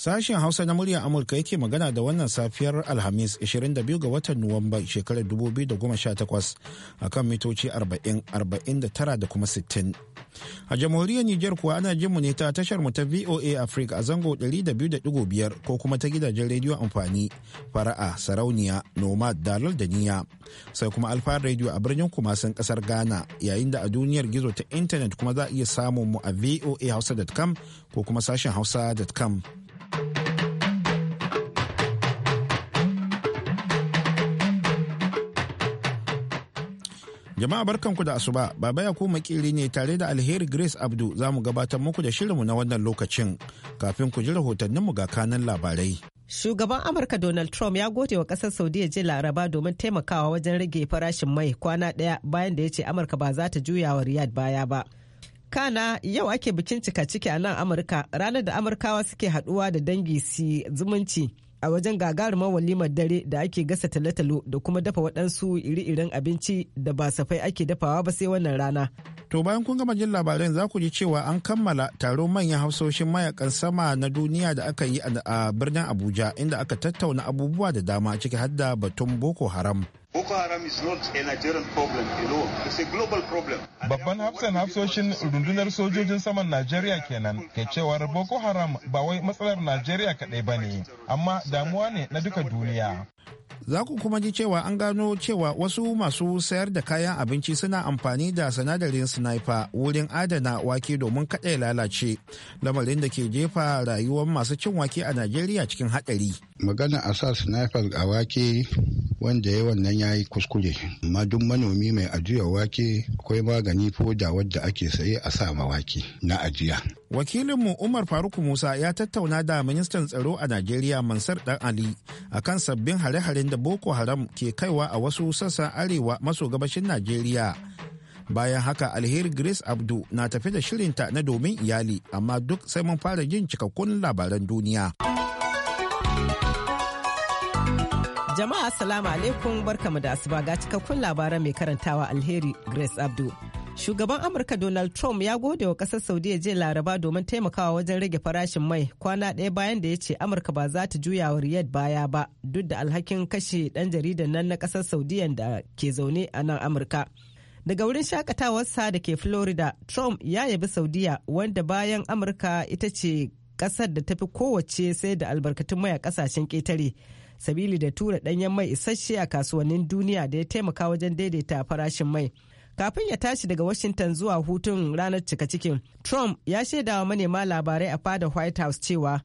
Sashen Hausa na muryar Amurka yake magana da wannan safiyar Alhamis 22 ga watan Nuwamba shekarar 2018 kan mitoci 40-49 da kuma 60. A jamhuriyar Nijar kuwa ana jinmu ne ta tashar mu ta VOA Africa a zango 200.5 ko kuma ta gidajen rediyo amfani fara'a sarauniya nomad dalar da niya sai kuma alfa rediyo a birnin kumasin kasar Ghana yayin da a duniyar gizo ta intanet kuma za a iya samun mu a voahausa.com ko kuma sashen hausa.com. Jama'a barkanku da asuba, Baba kuma kiri ne tare da Alheri Grace Abdu za mu gabatar muku da shirinmu na wannan lokacin kafin ku ji rahotanninmu ga kanan labarai. Shugaban Amurka Donald Trump ya gode wa ƙasar Saudiya ji Laraba domin taimakawa wajen rage farashin mai kwana ɗaya bayan da ya ce Amurka ba za ta juya wa Riyadh baya ba. Kana yau ake bikin cika ciki a nan Amurka ranar da Amurkawa suke haduwa da dangi su zumunci a wajen gagarumar walimar dare da ake gasa talotalo da kuma dafa waɗansu iri-irin abinci da ba safai ake dafawa ba sai wannan rana. To bayan kun gama jin labarin za ku ji cewa an kammala taron manyan hausoshin mayakan sama na duniya da aka yi a birnin Abuja inda aka tattauna abubuwa da dama ciki har da batun Boko Haram. Babban hafsan hafsoshin rundunar sojojin saman Najeriya kenan ke cewar Boko Haram ba wai matsalar Najeriya kaɗai ba ne, amma damuwa ne na duka duniya. Za ku kuma ji cewa an gano cewa wasu masu sayar da kayan abinci suna amfani da sinadarin sniper wurin adana wake domin kaɗai lalace, lamarin da ke jefa rayuwar masu cin wake a Najeriya cikin haɗari. Magana a sa sniper a wake wanda ya wannan ya yi kuskure amma duk manomi mai ajiyar wake akwai magani foda wadda ake saye a sa ma wake na ajiya wakilinmu umar faruk musa ya tattauna da ministan tsaro a najeriya mansar dan ali akan sabbin hare-haren da boko haram ke kaiwa a wasu sassan arewa maso gabashin najeriya bayan haka alheri grace abdu na tafi da shirinta na domin iyali amma duk sai mun fara jin cikakkun labaran duniya Jama'a Assalamu alaikum barkamu da asuba ga cikakkun labaran mai karantawa alheri Grace Abdu. Shugaban Amurka Donald Trump ya gode wa kasar Saudiya jiya Laraba domin taimakawa wajen rage farashin mai kwana ɗaya bayan da ya ce Amurka ba za ta juya wa riyad baya ba duk da alhakin kashe ɗan jaridan nan na kasar Saudiya da ke zaune a nan Amurka. Daga wurin shakatawarsa da ke Florida, Trump ya yabi Saudiya wanda bayan Amurka ita ce kasar da tafi kowace sai da albarkatun mai a kasashen ƙetare. sabili da tura ɗanyen mai isasshe a kasuwannin duniya da ya taimaka wajen daidaita farashin mai. Kafin ya tashi daga Washington zuwa hutun ranar cika cikin, Trump ya shaidawa manema labarai a fadar White House cewa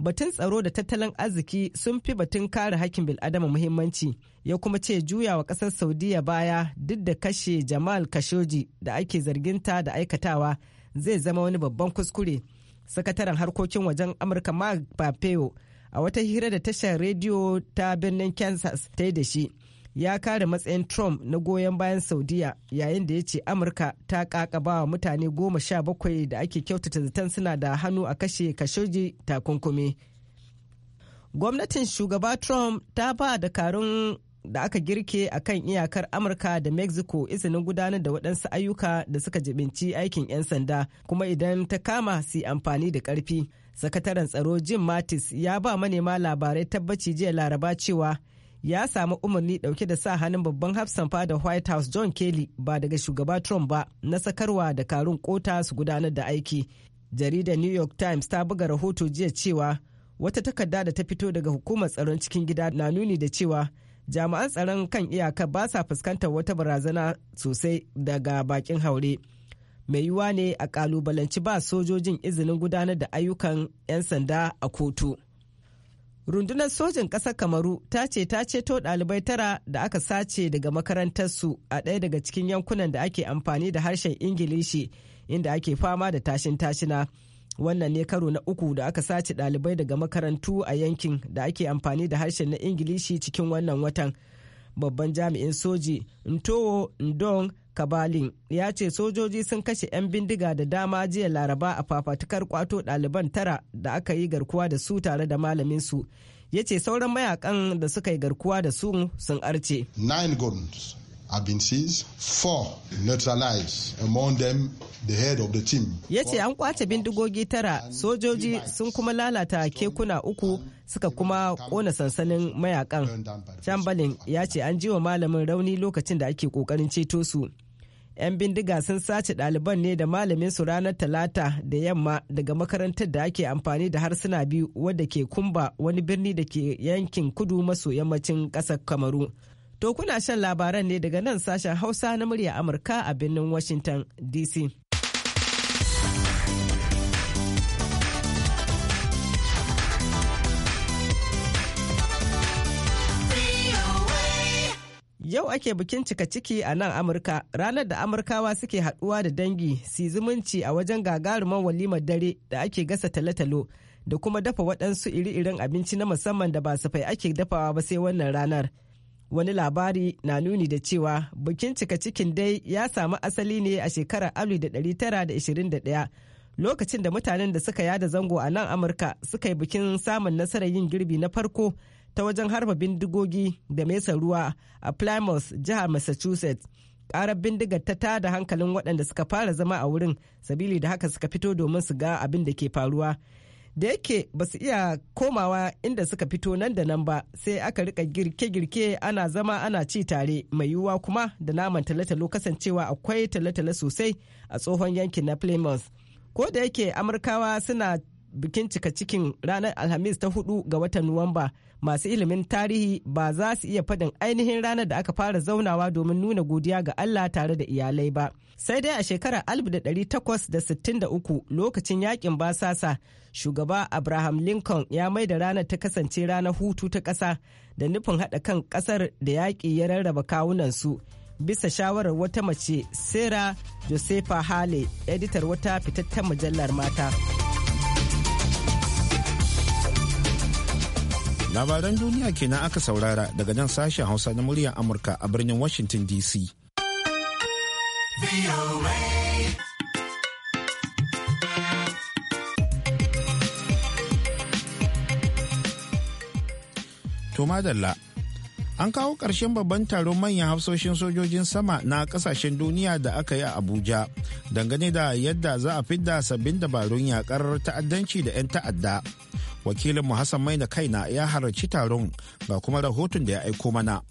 batun tsaro da tattalin arziki sun fi batun kare hakkin bil'adama muhimmanci ya kuma ce juya wa kasar saudiya baya duk da kashe jamal kashoji da ake zarginta da aikatawa zai zama wani babban kuskure sakataren harkokin wajen amurka mark pompeo a wata hira da tashar rediyo ta birnin kansas ta yi da shi ya kare matsayin trump na goyon bayan saudiya yayin da ya ce amurka ta kakaba wa mutane goma sha bakwai da ake kyautata zaton suna da hannu a kashe kashoji takunkumi gwamnatin shugaba trump ta ba da karun da aka girke a kan iyakar amurka da mexico izinin gudanar da waɗansu ayyuka da suka jibinci aikin 'yan sanda kuma idan ta kama su amfani da ƙarfi sakataren tsaro jim mattis ya ba manema labarai tabbaci jiya laraba cewa ya samu umarni ɗauke da sa hannun babban hafsan fada white house john kelly ba daga shugaba trump ba na sakarwa da karun kota su gudanar da aiki jaridar new york times ta buga rahoto jiya cewa wata takarda da ta fito daga hukumar tsaron cikin gida na nuni da cewa jami'an tsaron kan iyaka ba sa fuskantar wata barazana sosai daga bakin haure mai yiwuwa ne a kalubalanci ba sojojin izinin gudanar da ayyukan 'yan sanda a kotu rundunar sojin ƙasar kamaru ta ce ta ceto ɗalibai tara da aka sace daga makarantarsu a ɗaya daga cikin yankunan da ake amfani da harshen ingilishi inda ake fama da tashin tashina. wannan ne karo na uku da aka sace ɗalibai daga makarantu a yankin da ake amfani da harshen na ingilishi cikin wannan watan babban jami'in soji ntowo ndong kabalin ya ce sojoji sun kashe 'yan bindiga da dama jiya laraba a fafatukar kwato ɗaliban tara da aka yi garkuwa da su tare da malamin su ya ce sauran mayakan da suka yi garkuwa da su sun arce have been seized. Four neutralized, among them the head of the team. Ya an kwace bindigogi tara, sojoji sun kuma lalata kekuna uku suka kuma kona sansanin mayakan. Chamberlain ya ce an jiwa malamin rauni lokacin da ake kokarin ceto su. 'Yan bindiga sun sace ɗaliban ne da malamin su ranar talata da yamma daga makarantar da ake amfani da harsuna biyu wadda ke kumba wani birni da ke yankin kudu maso yammacin ƙasar Kamaru. To kuna shan labaran ne daga nan sashen Hausa na murya Amurka a birnin Washington DC. Yau ake bikin cika ciki a nan Amurka, ranar da Amurkawa suke haɗuwa da dangi su zumunci a wajen gagarumar walimar dare da ake gasa talotalo da kuma dafa waɗansu iri-irin abinci na musamman da ba su fai ake dafawa ba sai wannan ranar. wani labari na nuni da cewa bikin cika cikin dai ya samu asali ne a shekarar 1921 lokacin da mutanen da suka yada zango a nan amurka suka yi bikin samun nasarar yin girbi na farko ta wajen harba bindigogi da mesa ruwa a plymouth jihar massachusetts karar bindigar ta tada hankalin waɗanda suka fara zama a wurin sabili da haka suka fito domin su ga abin da ke faruwa da yake ba su iya komawa inda suka fito nan da nan ba sai aka rika girke-girke ana zama ana ci tare mai yiwuwa kuma da naman talotalo kasancewa akwai talotalo sosai a tsohon yankin na plymouth ko da yake amurkawa suna bikin cika cikin ranar alhamis ta hudu ga watan nuwamba masu ilimin tarihi ba za su iya faɗin ainihin ranar da aka fara zaunawa domin nuna godiya ga allah tare da iyalai ba sai dai a shekarar da da da sittin uku lokacin yakin basasa shugaba abraham lincoln ya mai da ranar ta kasance ranar hutu ta ƙasa da nufin haɗa kan ƙasar da yaƙi ya rarraba kawunansu bisa shawarar wata mace sarah josepha hale editar wata fitattar mujallar mata. labaran duniya kenan aka saurara daga nan sashen hausa na muryar amurka a birnin washington dc to madalla an kawo ƙarshen babban taron manyan hafsoshin sojojin sama na ƙasashen duniya da aka yi a abuja dangane da yadda za a fidda sabbin dabarun yakar ta'addanci da 'yan ta'adda wakilinmu hassan mai da kaina ya halarci taron ga kuma rahoton da ya aiko mana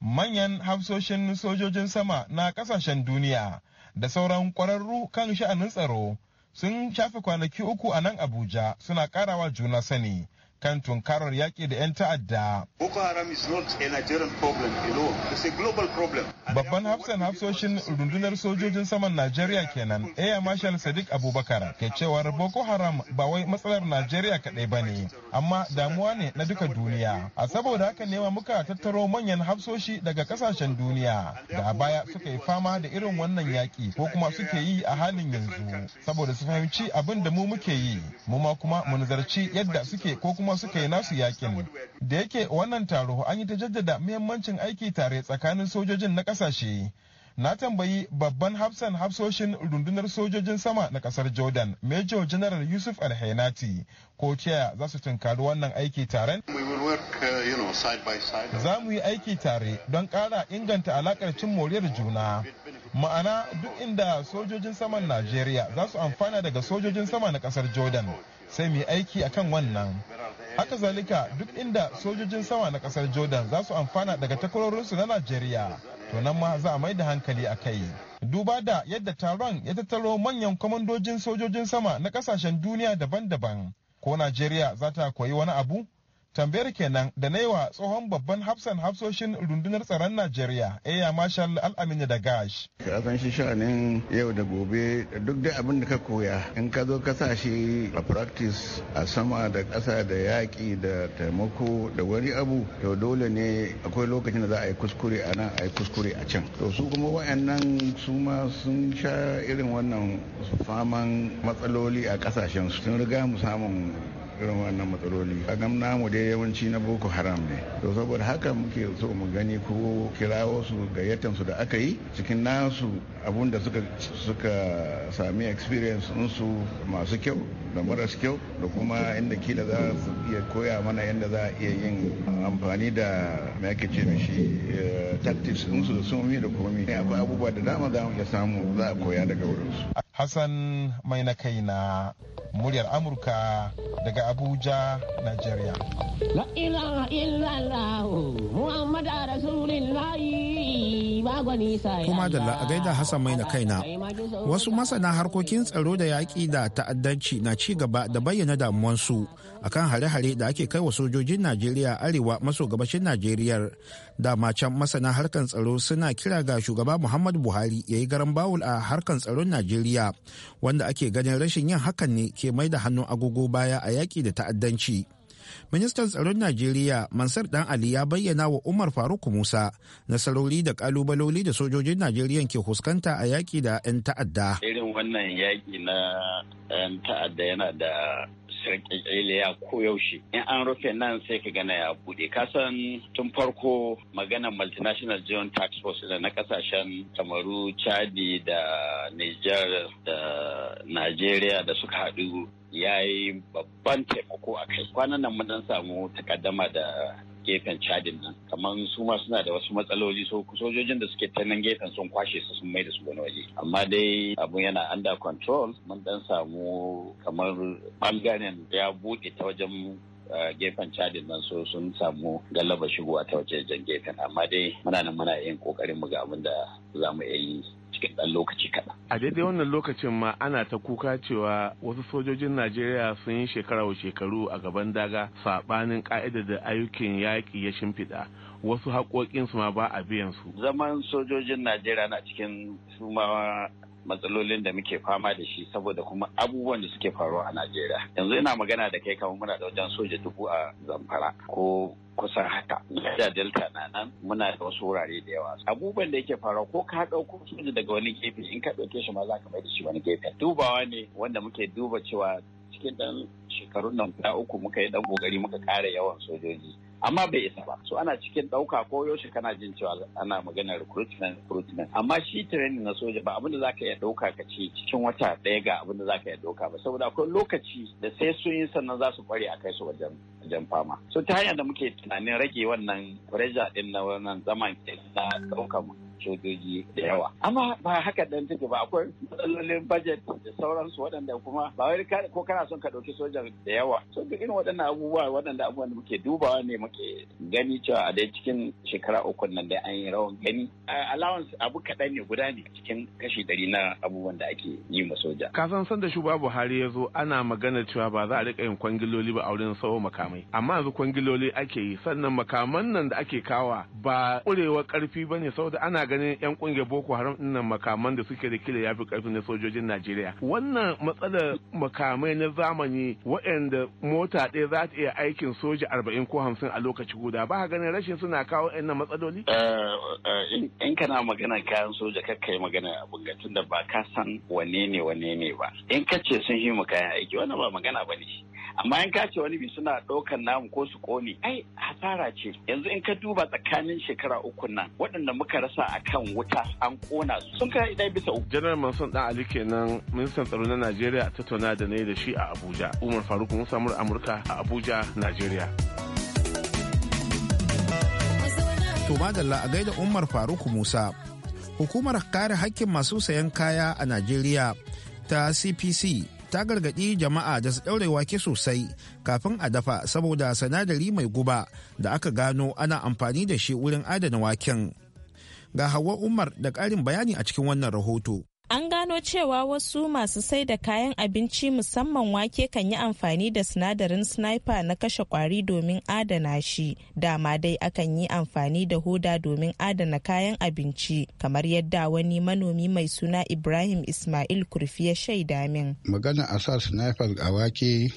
manyan hafsoshin sojojin sama na kasashen duniya da sauran kwararru kan sha'anin tsaro sun shafe kwanaki uku a nan abuja suna karawa juna sani kan tunkarar yaƙi da 'yan ta'adda. Boko Haram is not a Nigerian problem alone. It's a global problem. Babban hafsan hafsoshin rundunar sojojin saman Najeriya kenan, Air Marshal Sadiq Abubakar ke cewar Boko Haram ba wai matsalar Najeriya kaɗai ba ne, amma damuwa ne na duka duniya. A saboda haka nema muka tattaro manyan hafsoshi daga ƙasashen duniya da a baya suka yi fama da irin wannan yaƙi ko kuma suke yi a halin yanzu saboda su fahimci abin da mu muke yi, mu ma kuma mu nazarci yadda suke ko kuma kuma suka yi nasu yakin da yake wannan taro an yi ta jaddada muhimmancin aiki tare tsakanin sojojin na kasashe na tambayi babban hafsan hafsoshin rundunar sojojin sama na kasar jordan major general yusuf alhainati ko ta za su tunkari wannan aiki tare. Uh, za mu yi aiki tare don ƙara inganta alakar cin moriyar juna ma'ana duk inda sojojin saman najeriya za su amfana daga sojojin sama na kasar jordan sai mu yi aiki akan wannan haka zalika duk inda sojojin sama na kasar jordan za su amfana daga takwarorinsu na nigeria to nan ma za a mai da hankali a kai duba da yadda taron ya tattaro manyan kwamandojin sojojin sama na kasashen duniya daban-daban ko nigeria za ta koyi wani abu tambayar kenan da na yi wa tsohon babban hafsan hafsoshin rundunar tsaron najeriya eya marshal al'amini da gash ka san shi sha'anin yau da gobe duk da abin da ka koya in ka zo ka sa shi a practice a sama da ƙasa da yaƙi da taimako da wani abu to dole ne akwai lokacin da za a yi kuskure a nan a yi kuskure a can to su kuma wa'annan su ma sun sha irin wannan faman matsaloli a ƙasashen sun riga mu samun irin wannan matsaloli a gam namu dai yawanci na boko haram ne to saboda haka muke so mu gani ko kirawo su gayyatan su da aka yi cikin nasu abun da suka suka sami experience su masu kyau da maras kyau da kuma inda kila za su iya koya mana yadda za a iya yin amfani da me ce eh, da shi tactics ɗinsu da sumi da komi abubuwa da dama za mu iya samu za a koya daga wurinsu Hassan mai na kai muryar Amurka daga Abuja, Nigeria. Kuma da gaida Hassan mai na kai Wasu masana harkokin tsaro da yaƙi da ta'addanci na ci gaba da bayyana damuwansu akan hare-hare da ake kai wa sojojin Najeriya arewa maso gabashin Najeriya. Dama can masana harkar tsaro suna kira ga shugaba Muhammadu Buhari ya yi garan bawul a harkar tsaron Najeriya. wanda ake ganin rashin yin hakan ne ke mai da hannun agogo baya a yaƙi da ta'addanci. ministan tsaron najeriya mansar dan ali ya bayyana wa umar faruk musa nasarori da kalubaloli da sojojin najeriya ke fuskanta a yaki da 'yan ta'adda irin wannan yaki na 'yan ta'adda yana da sarƙaƙƙiliya ko yaushe in an rufe nan sai ka gana ya buɗe kasan tun farko maganar multinational joint tax force da na kasashen kamaru chadi da niger da nigeria da suka haɗu ya yi babban taimako a kai kwanan nan mun dan samu takaddama da gefen cadin nan kamar su ma suna da wasu matsaloli so sojojin da suke ta nan gefen sun kwashe su sun mai da su wani waje amma dai abun yana under control mun dan samu kamar bangaren ya buɗe ta wajen eh, gefen cadin nan so sun samu galaba shigowa ta wajen gefen amma dai muna nan muna yin kokarin mu ga abin da za mu iya yi cikin ɗan lokaci kaɗan. A daidai wannan lokacin ma ana ta kuka cewa wasu sojojin Najeriya sun yi shekara wa shekaru a gaban daga saɓanin ƙa'idar da ayyukan yaƙi ya shimfiɗa. wasu haƙoƙinsu ma ba a biyan su. Zaman sojojin Najeriya na cikin sumawa matsalolin da muke fama da shi saboda kuma abubuwan da suke faruwa a Najeriya. Yanzu ina magana da kai kamar muna da wajen soja dubu a Zamfara ko kusan haka. Da Delta na nan muna da wasu wurare da yawa. Abubuwan da yake faruwa ko ka ɗauko soja daga wani gefe in ka ɗauke shi ma za ka mai da shi wani gefe. Dubawa ne wanda muke duba cewa cikin ɗan shekarun nan guda uku muka yi ɗan ƙoƙari muka ƙara yawan sojoji. amma bai isa ba so ana cikin ɗauka ko yaushe kana jin cewa ana maganar recruitment recruitment amma shi training na soja ba abinda zaka iya ɗauka ka ce cikin wata ɗaya ga abinda zaka iya ɗauka ba saboda akwai lokaci da sai sun yi sannan za su kware a kai su wajen wajen fama so ta hanyar da muke tunanin rage wannan pressure din na wannan zaman na dauka mu sojoji da yawa amma ba haka ɗan take ba akwai matsalolin budget da sauransu waɗanda kuma ba wai ko kana son ka ɗauki sojan da yawa so duk irin waɗannan abubuwa waɗanda abubuwan da muke dubawa ne muke gani cewa a dai cikin shekara uku nan da an yi rawan gani allowance abu kaɗan ne guda ne cikin kashi ɗari na abubuwan da ake yi ma soja. ka san sanda shugaba buhari ya zo ana magana cewa ba za a riƙa yin kwangiloli ba a wurin sawo makamai amma yanzu kwangiloli ake yi sannan makaman nan da ake kawa ba ƙurewar ƙarfi ba ne saboda ana ganin yan kungiyar boko haram dinnan makaman da suke da kila yafi karfin na sojojin najeriya wannan matsalar makamai na zamani waɗanda mota ɗaya za ta iya aikin soja arba'in ko hamsin a lokaci guda ba ganin rashin suna kawo yan matsaloli eh, eh, in kana magana kayan soja kakkai magana abin ga tunda ba ka san wane ne wane ne ba in ka ce sun yi mu kayan aiki wannan ba magana ba ne amma in ka ce wani bi suna ɗaukan namu ko su ƙone ai hasara ce yanzu in ka duba tsakanin shekara uku nan waɗanda muka rasa a akan wuta an kona su sun kai ɗaya bisa uku. Janar Manson Dan Ali kenan ministan tsaro na Najeriya ta tattauna da ne da shi a Abuja. Umar Faruk Musa Amurka a Abuja, Najeriya. To madalla a gaida Umar Faruk Musa. Hukumar kare hakkin masu sayan kaya a Najeriya ta CPC ta gargaɗi jama'a da su ɗaure wake sosai kafin a dafa saboda sanadari mai guba da aka gano ana amfani da shi wurin adana waken. Ga Hauwa Umar da ƙarin bayani a cikin wannan rahoto. An gano cewa wasu masu sai da kayan abinci musamman wake kan yi amfani da sinadarin sniper na kashe kwari domin adana shi. Dama dai akan yi amfani da hoda domin adana kayan abinci, kamar yadda wani manomi mai suna Ibrahim Ismail Kurfi ya shaida min. Magana a sa sniper a wake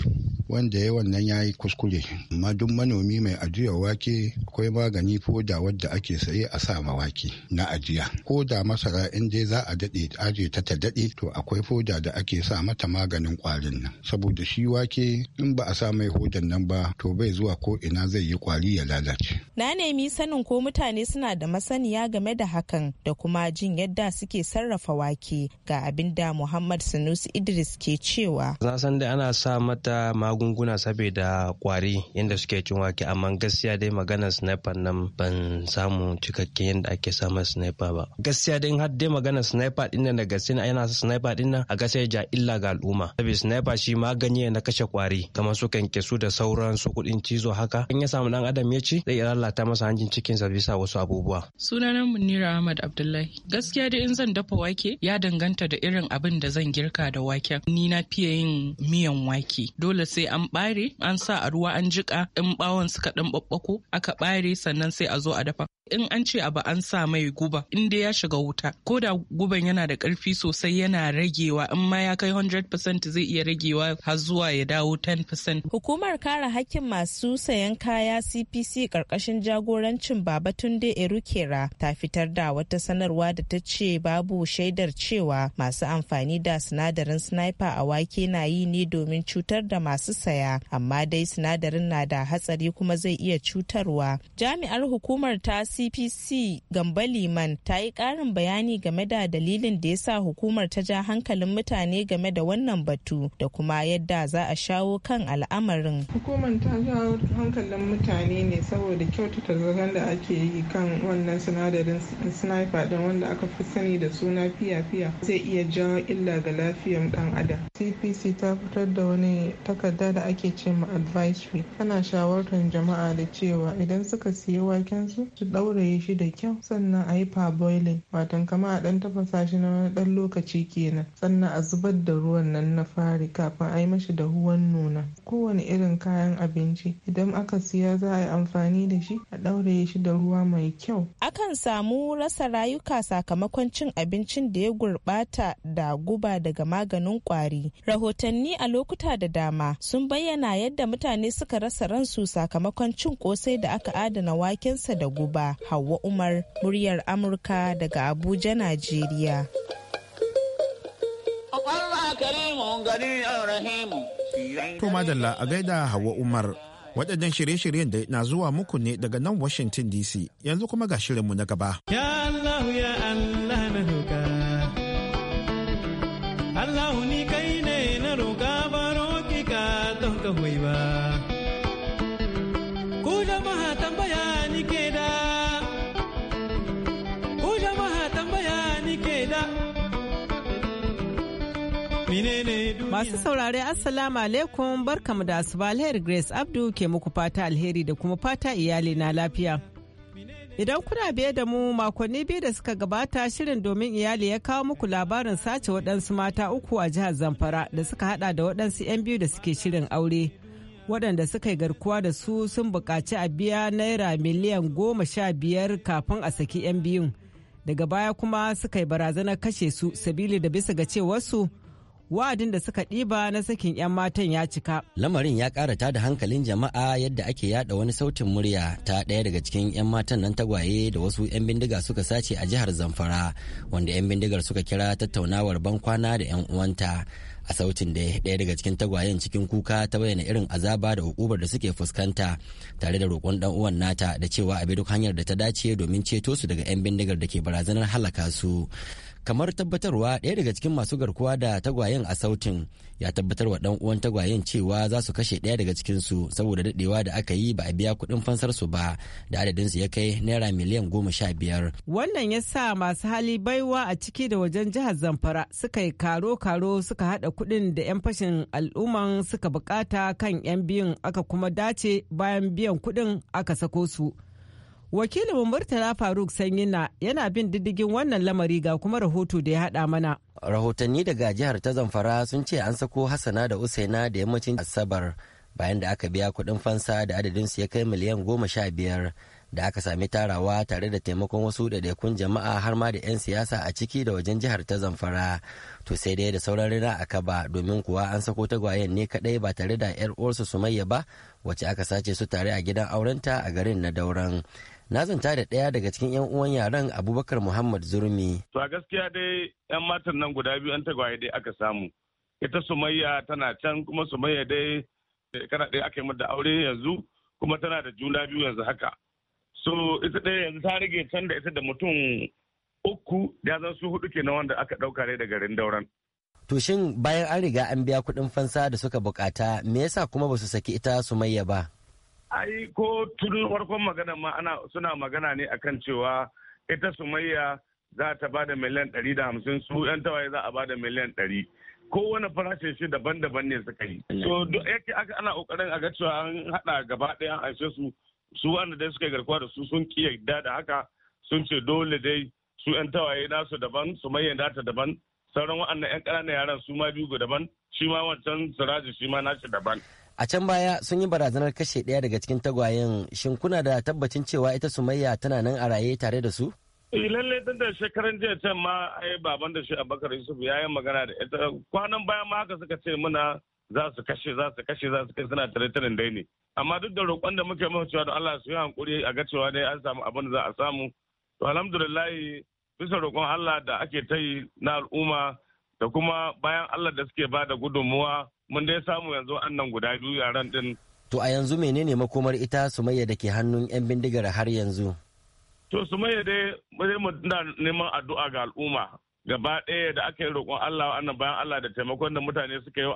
wanda ya wannan ya yi kuskure. Amma duk manomi mai ajiya wake akwai magani ko da wadda ake saye a sa ma wake na ajiya. Ko da masara in dai za a daɗe ta ta daɗe to akwai hoja da ake sa mata maganin ƙwarin nan saboda shi wake in ba a sa mai hodan nan ba to bai zuwa ko ina zai yi ƙwari ya lalace. Na nemi sanin ko mutane suna da masaniya game da hakan da kuma jin yadda suke sarrafa wake ga abin da Muhammad Sanusi Idris ke cewa. Na san da ana sa mata magunguna saboda ƙwari yadda suke cin wake amma gaskiya dai maganar sniper nan ban samu cikakken yadda ake sa sniper ba. Gaskiya dai har dai maganar sniper ɗin da gaske yana sa sniper din nan a ga sai ja illa ga al'umma saboda sniper shi magani ne na kashe kwari kamar su su da sauran su kudin cizo haka in ya samu dan adam ya ci zai lalata masa hanjin cikin sa bisa wasu abubuwa sunana munira ahmad abdullahi gaskiya dai in zan dafa wake ya danganta da irin abin da zan girka da waken ni na fiye yin miyan wake dole sai an bare an sa a ruwa an jika in bawon suka dan babbako aka bare sannan sai a zo a dafa in an ce abu an sa mai guba in dai ya shiga wuta ko da guban yana da karfi sosai yana ragewa in ma ya kai 100% zai iya ragewa har zuwa ya dawo 10%. Hukumar kare hakkin masu sayan kaya CPC karkashin jagorancin Babatunde Erukera ta fitar da wata sanarwa da ta ce babu shaidar cewa masu amfani da sinadarin sniper a wake na yi ne domin cutar da masu saya amma dai sinadarin na da hatsari kuma zai iya cutarwa. Jami'ar hukumar ta cpc gamba liman ta yi ƙarin bayani game da dalilin da ya sa hukumar ta ja hankalin mutane game da wannan batu da kuma yadda za a shawo kan al'amarin hukumar ta ja hankalin mutane ne saboda kyautata zagan da ake yi kan wannan sinadarin sniper din wanda aka fi sani da suna fiya-fiya zai iya jawo illa ga lafiyar dan adam cpc ta fitar da wani takarda da ake ce ma advisory tana shawartar jama'a da cewa idan suka siya wakensu. su ɗauraye shi da kyau sannan a yi parboiling watan kama a ɗan tafasa shi na wani ɗan lokaci kenan sannan a zubar da ruwan nan na fari kafin a yi mashi dahuwan nuna kowane irin kayan abinci idan aka siya za a yi amfani da shi a ɗauraye shi da ruwa mai kyau akan samu rasa rayuka sakamakon cin abincin da ya gurɓata da guba daga maganin kwari rahotanni a lokuta da dama sun bayyana yadda mutane suka rasa ransu sakamakon cin kosai da aka adana wakensa da guba Hauwa Umar muryar Amurka daga Abuja, Najeriya. To madalla a gaida Hauwa Umar waɗannan shirye-shiryen da na zuwa muku ne daga nan Washington DC yanzu kuma ga shirinmu na gaba. Allah ya Allah na Allah ni Masu saurare Assalamu alaikum barkamu da asuba alheri Grace Abdu ke muku fata alheri da kuma fata iyali na lafiya. Idan kuna biye da mu makonni biyu da suka gabata shirin domin iyali ya kawo muku labarin sace waɗansu mata uku a jihar Zamfara da suka hada da waɗansu 'yan biyu da suke shirin aure. Waɗanda suka yi garkuwa da su sun buƙaci a biya naira miliyan goma sha biyar kafin a saki 'yan biyun. Daga baya kuma suka yi barazanar kashe su sabili da bisa ga cewarsu wasu wa'adin da suka ɗiba na sakin 'yan matan ya cika. Lamarin ya ƙara tada hankalin jama'a yadda ake yada wani sautin murya ta ɗaya daga cikin 'yan matan nan tagwaye da wasu 'yan bindiga suka sace a jihar Zamfara wanda 'yan bindigar suka kira tattaunawar bankwana da 'yan uwanta. a sautin da ɗaya daga cikin tagwayen cikin kuka ta bayyana irin azaba da hukubar da suke fuskanta tare da roƙon dan uwan nata da cewa a bi duk hanyar da ta dace domin ceto su daga 'yan bindigar da ke barazanar halaka su kamar tabbatarwa ɗaya daga cikin masu garkuwa da tagwayen a sautin ya tabbatar wa ɗan uwan tagwayen cewa za su kashe ɗaya daga cikin su saboda daɗewa da aka yi ba a biya kuɗin fansar su ba da adadin su ya kai naira miliyan goma sha biyar. wannan ya sa masu hali baiwa a ciki da wajen jihar zamfara suka yi karo karo suka haɗa kuɗin da 'yan fashin al'umman suka bukata kan 'yan biyun aka kuma dace bayan biyan kuɗin aka sako su. wakilin murtala faruk sanyina yana bin diddigin wannan lamari ga kuma rahoto da ya haɗa mana rahotanni daga jihar ta zamfara sun ce an sako hassana da usaina da yammacin asabar bayan da aka biya kuɗin fansa da adadin su ya kai miliyan goma sha biyar da aka sami tarawa tare da taimakon wasu ɗaiɗaikun jama'a har ma da 'yan siyasa a ciki da wajen jihar ta zamfara to sai dai da sauran rina a kaba domin kuwa an sako tagwayen ne kaɗai ba tare da 'yar uwarsu sumayya ba wacce aka sace su tare a gidan aurenta a garin na dauran na zanta da ɗaya daga cikin 'yan uwan yaren abubakar muhammad zurmi to a gaskiya dai 'yan matan nan guda biyu an tagwaye dai aka samu ita sumayya tana can kuma sumayya dai kana ɗaya aka yi mata aure yanzu kuma tana da juna biyu yanzu haka so ita ɗaya yanzu ta rage can da ita da mutum uku ya zan su hudu kenan wanda aka ɗauka ne da garin dauran to shin bayan an riga an biya kuɗin fansa da suka bukata me yasa kuma ba su saki ita sumayya ba ai ko tun farkon magana ma ana suna magana ne akan cewa ita sumayya za ta ba da miliyan ɗari da hamsin su yan tawaye za a ba da miliyan ɗari kowane farashin shi daban-daban ne suka yi so mm. yake aka ana kokarin a ga cewa an haɗa gaba ɗaya an su su wanda dai suka garkuwa da su sun ki yadda da haka sun ce dole dai su yan tawaye nasu daban sumayya da ta daban sauran waɗannan yan ƙananan yaran su ma biyu daban shi ma wancan siraji shi ma nashi daban a can baya sun yi barazanar kashe ɗaya daga cikin tagwayen shin kuna da tabbacin cewa ita sumayya tana nan a raye tare da su eh, lallai tun da shekaran jiya can ma ai baban da shi abakar yusuf ya yi magana da ita kwanan baya ma haka suka ce muna za su kashe za su kashe za su kai suna tare tarin dai ne amma duk da roƙon da muke mahu cewa da Allah su yi hankuri a ga cewa dai an samu abin da za a samu to alhamdulillahi bisa roƙon Allah da ake ta yi na al'umma da kuma bayan Allah da suke ba da gudunmuwa mun dai samu yanzu annan guda biyu yaran din to a yanzu menene makomar ita sumayya da ke hannun yan bindigar har yanzu to sumayya dai dai mu neman addu'a ga al'umma gaba ɗaya da aka yi roƙon Allah annan bayan Allah da taimakon da mutane suka yi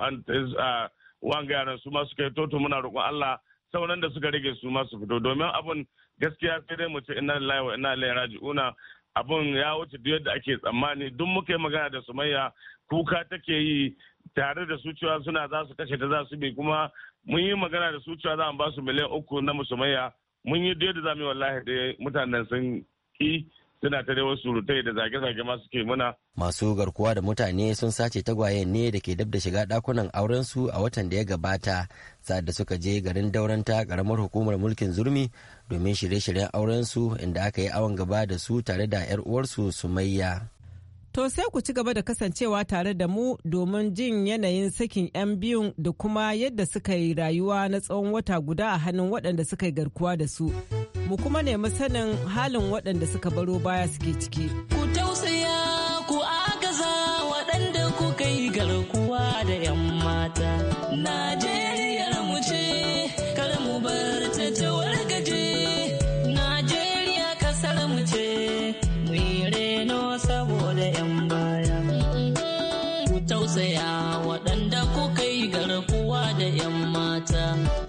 wanga yaran su ma suka yi toto muna roƙon Allah sauran da suka rage su ma su fito domin abun gaskiya sai dai mu ce inna lillahi wa inna ilaihi raji'una abun ya wuce duk yadda ake tsammani duk muka yi magana da sumayya kuka take yi tare da su cewa suna za su kashe ta za su bi kuma mun yi magana da su cewa za ba su miliyan uku na musumayya mun yi da za mu yi wallahi da mutanen sun ki suna ta wasu surutai da zage-zage ma suke muna. Masu garkuwa da mutane sun sace tagwaye ne da ke dab da shiga dakunan auren su a watan da ya gabata sa'ad da suka je garin dauranta karamar hukumar mulkin zurmi domin shirye-shiryen auren su inda aka yi awon gaba da su tare da 'yar uwarsu sumayya. To sai ku ci gaba da kasancewa tare da mu domin jin yanayin sakin 'yan biyun da kuma yadda suka yi rayuwa na tsawon wata guda a hannun waɗanda suka yi garkuwa da su. Mu kuma nemi sanin halin waɗanda suka baro baya suke ciki. Ku tausaya ku agaza waɗanda ku kai garkuwa da 'yan mata.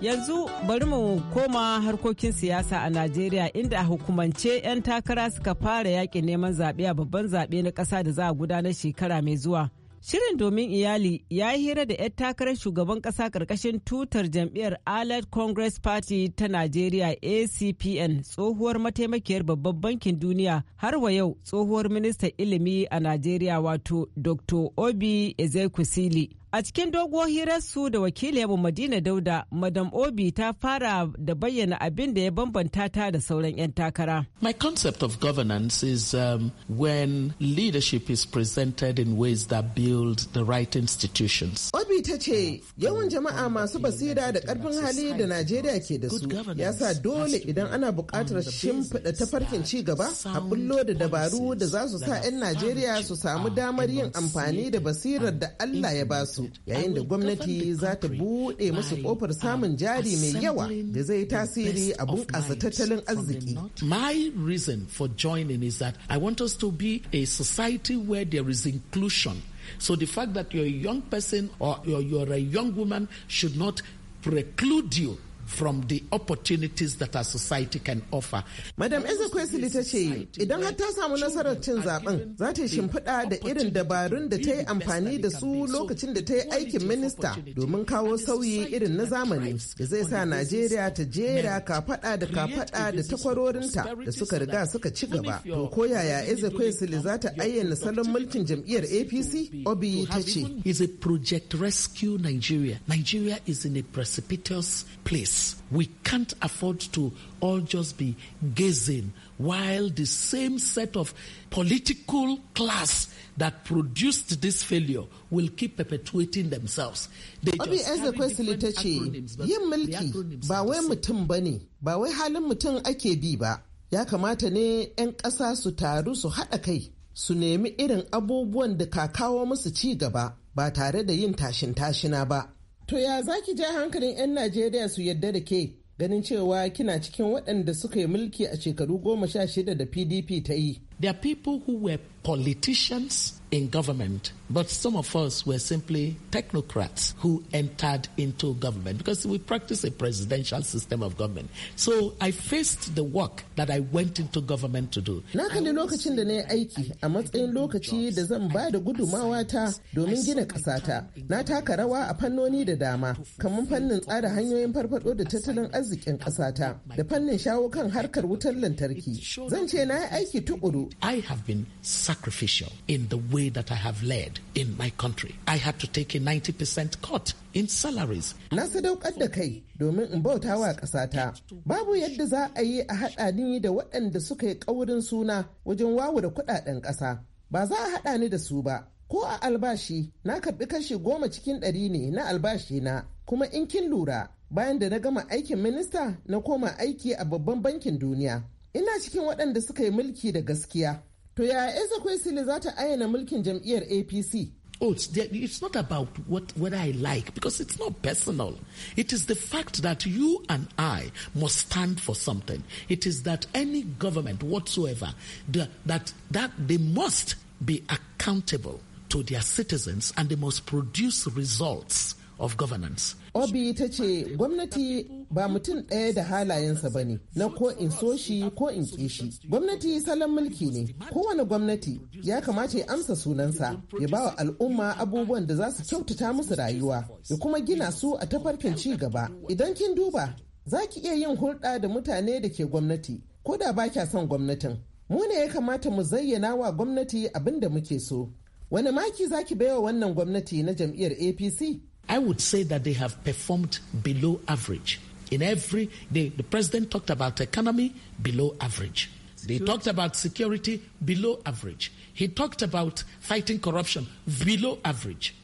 yanzu bari mu koma harkokin siyasa a najeriya inda a hukumance 'yan takara suka fara yakin neman zaɓe a babban zaɓe na ƙasa da za a gudanar shekara mai zuwa shirin domin iyali ya yi hira da 'yan takarar shugaban ƙasa ƙarƙashin tutar jam'iyyar allied congress party ta najeriya acpn tsohuwar mataimakiyar babban bankin duniya har wa yau tsohuwar ministan ilimi a najeriya wato dr obi ezekwesili A cikin doguwar hirarsu da abu Madina Dauda, Madam Obi ta fara da bayyana abin da ya bambanta ta da sauran 'yan takara. My concept of governance is um, when leadership is presented in ways that build the right institutions. Obi ta ce, yawan jama'a masu basira da karfin hali da Najeriya ke da su, ya sa dole idan ana buƙatar shimfiɗa farkin ci gaba, a bullo da dabaru da za su sa 'yan Najeriya su samu damar yin amfani da basirar da Allah ya ba su. su gwamnati za ta buɗe musu kofar samun jari mai yawa da zai tasiri a bunƙasa tattalin arziki. My reason for joining is that I want us to be a society where there is inclusion. So the fact that you're a young person or you're a young woman should not preclude you from the opportunities that our society can offer. Madam Ezekwesili ta ce idan har ta samu nasarar cin zaben za ta shimfiɗa da irin dabarun da ta yi amfani da su lokacin da ta yi aikin minista domin kawo sauyi irin na zamani da zai sa Najeriya ta jera kafaɗa da kafaɗa da takwarorinta da suka riga suka ci gaba. To ko yaya Ezekwesili za ta ayyana salon mulkin jam'iyyar APC? Obi ta ce. Is a project rescue Nigeria. Nigeria is in a precipitous place. this. We can't afford to all just be gazing while the same set of political class that produced this failure will keep perpetuating themselves. They Obi the question ita ce yin mulki ba wai mutum ba ne, ba wai halin mutum ake bi ba. Ya kamata ne 'yan ƙasa su taru su haɗa kai, su nemi irin abubuwan da ka kawo musu ci gaba ba tare da yin tashin tashina ba. To ya za ki ja hankalin 'yan Najeriya su yadda da ke ganin cewa kina cikin waɗanda suka yi mulki a shekaru goma sha shida da PDP ta yi. The people who were politicians in government, but some of us were simply technocrats who entered into government because we practice a presidential system of government. So I faced the work that I went into government to do. Na kalli lokacin da na yi aiki a matsayin lokaci da zan ba da gudumawa ta domin gina Na taka rawa a fannoni da dama, kamar fannin tsara hanyoyin farfado da tattalin arzikin da fannin shawo kan harkar wutar lantarki. Zan ce na yi aiki tukuru. I have been sacrificial in the way that I have led in my country. I had to take a 90% cut in salaries. Na sadaukar da kai domin in bauta wa ƙasata. Babu yadda za a yi a haɗa ni da waɗanda suka yi ƙaurin suna wajen wawu da kuɗaɗen ƙasa. Ba za a haɗa ni da su ba. Ko a albashi na karɓi kashi goma cikin ɗari ne na albashi na kuma in kin lura bayan da na gama aikin minista na koma aiki a babban bankin duniya. Ina cikin waɗanda suka yi mulki da gaskiya To ya Eza Kwesile za ta ayyana mulkin jam'iyyar APC? Oh, it's, it's not about what, what I like because it's not personal. It is the fact that you and I must stand for something. It is that any government whatsoever the, that that they must be accountable to their citizens and they must produce results of governance. Obi ta ce gwamnati ba mutum ɗaya da halayensa ba ne na ko in so shi ko in ƙi shi. Gwamnati salon mulki ne. Kowane gwamnati ya kamata ya amsa sunansa ya ba wa al'umma abubuwan da za su kyautata musu rayuwa ya kuma gina su a tafarkin ci gaba. Idan kin duba za ki iya yin hulɗa da mutane da ke gwamnati ko da ba kya son gwamnatin. Mu ne ya kamata mu zayyana wa gwamnati abin da muke so. Wani maki za ki baiwa wannan gwamnati na jam'iyyar APC? I would say that they have performed below average. In every, they, the president talked about economy below average. They talked about security below average. He talked about fighting corruption below average.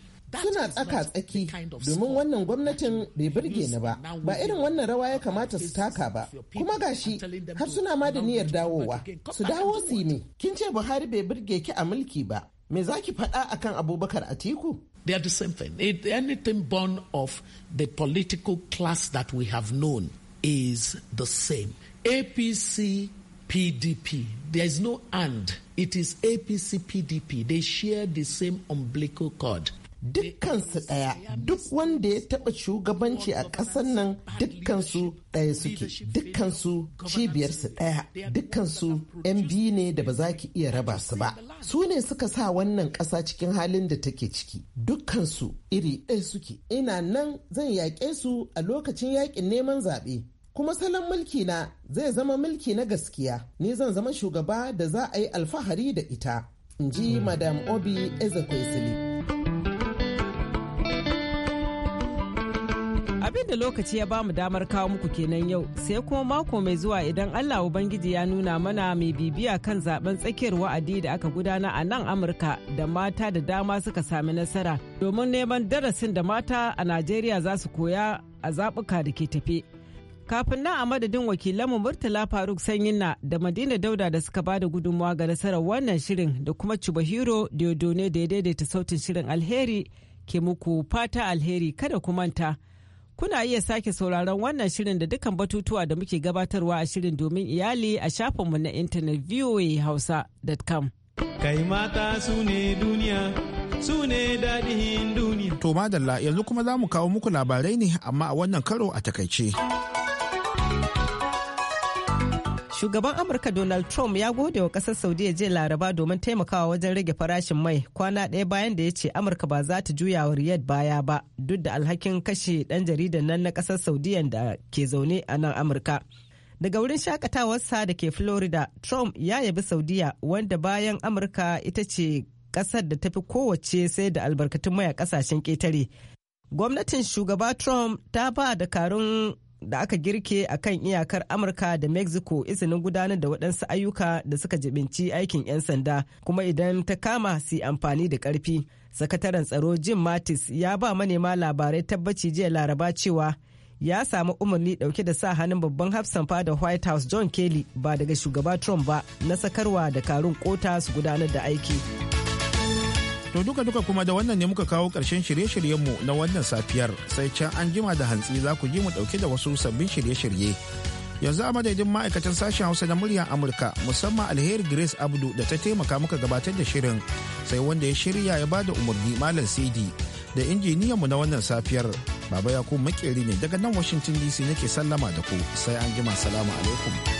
suna tsaka tsaki domin wannan gwamnatin bai burge ni ba ba irin wannan rawa ya kamata su taka ba kuma gashi har suna ma da niyyar dawowa su dawo su ne kin ce buhari bai burge ki a mulki ba me za ki faɗa akan abubakar atiku they are the same thing. It, anything born of the political class that we have known is the same. APC, PDP. There is no and. It is APC, PDP. They share the same umbilical cord. dukkansu ɗaya duk wanda ya taɓa shugabanci a ƙasar nan dukkansu ɗaya suke dukkansu cibiyarsu ɗaya dukkansu 'yan biyu ne da ba za ki iya raba su ba su ne suka sa wannan ƙasa cikin halin da take ciki dukkansu iri ɗaya suke ina nan zan yaƙe su a lokacin yaƙin neman zaɓe kuma salon mulki na zai zama mulki na gaskiya ni zan zama shugaba da za a yi alfahari da ita in ji madam obi ezekwesili yadda lokaci ya ba mu damar kawo muku kenan yau sai kuma mako mai zuwa idan Allah Ubangiji ya nuna mana mai bibiya kan zaben tsakiyar wa'adi da aka gudana a nan Amurka da mata da dama suka sami nasara domin neman darasin da mata a Najeriya za su koya a zabuka da ke tafe. Kafin nan a madadin wakilanmu Murtala Faruk Sanyinna da Madina Dauda da suka bada gudunmawa ga nasarar wannan shirin da kuma Chubahiro Diodone da ya daidaita sautin shirin alheri ke muku fata alheri kada ku manta. Kuna iya sake sauraron wannan shirin da dukkan batutuwa da muke gabatarwa a shirin domin iyali a shafinmu na intanet voahausa.com. Kai mata su ne duniya, su ne daɗin duniya. To madalla yanzu kuma za mu kawo muku labarai ne amma a wannan karo a takaice. shugaban amurka donald trump ya gode wa kasar saudiya jiya laraba domin taimakawa wajen rage farashin mai kwana ɗaya bayan da ya ce amurka ba za ta juya wa riyad baya ba duk da alhakin kashe ɗan jaridan nan na kasar saudiya da ke zaune a nan amurka daga wurin shakatawarsa da ke florida trump ya yabi saudiya wanda bayan amurka ita ce kasar da tafi kowace sai da albarkatun mai a kasashen ƙetare gwamnatin shugaba trump ta ba da karun da aka girke a kan iyakar amurka da mexico izinin gudanar da waɗansu ayyuka da suka jibinci aikin 'yan sanda kuma idan ta kama su amfani da ƙarfi sakataren tsaro jim mattis ya ba manema labarai tabbaci jiya laraba cewa ya samu umarni ɗauke da sa hannun babban hafsan fada white house john kelly ba daga shugaba trump ba na sakarwa da karun kota su gudanar da aiki. To duka-duka kuma da wannan ne muka kawo ƙarshen shirye-shiryenmu na wannan safiyar sai can an jima da hantsi za ku ji mu ɗauke da wasu sabbin shirye-shirye. Yanzu a madadin ma'aikatan sashen Hausa na muryar Amurka musamman alheri Grace Abdu da ta taimaka muka gabatar da shirin sai wanda ya shirya ya ba da umarni Malam Sidi da injiniyanmu na wannan safiyar Baba Yakubu Makeri ne daga nan Washington DC nake sallama da ku sai an jima salamu alaikum.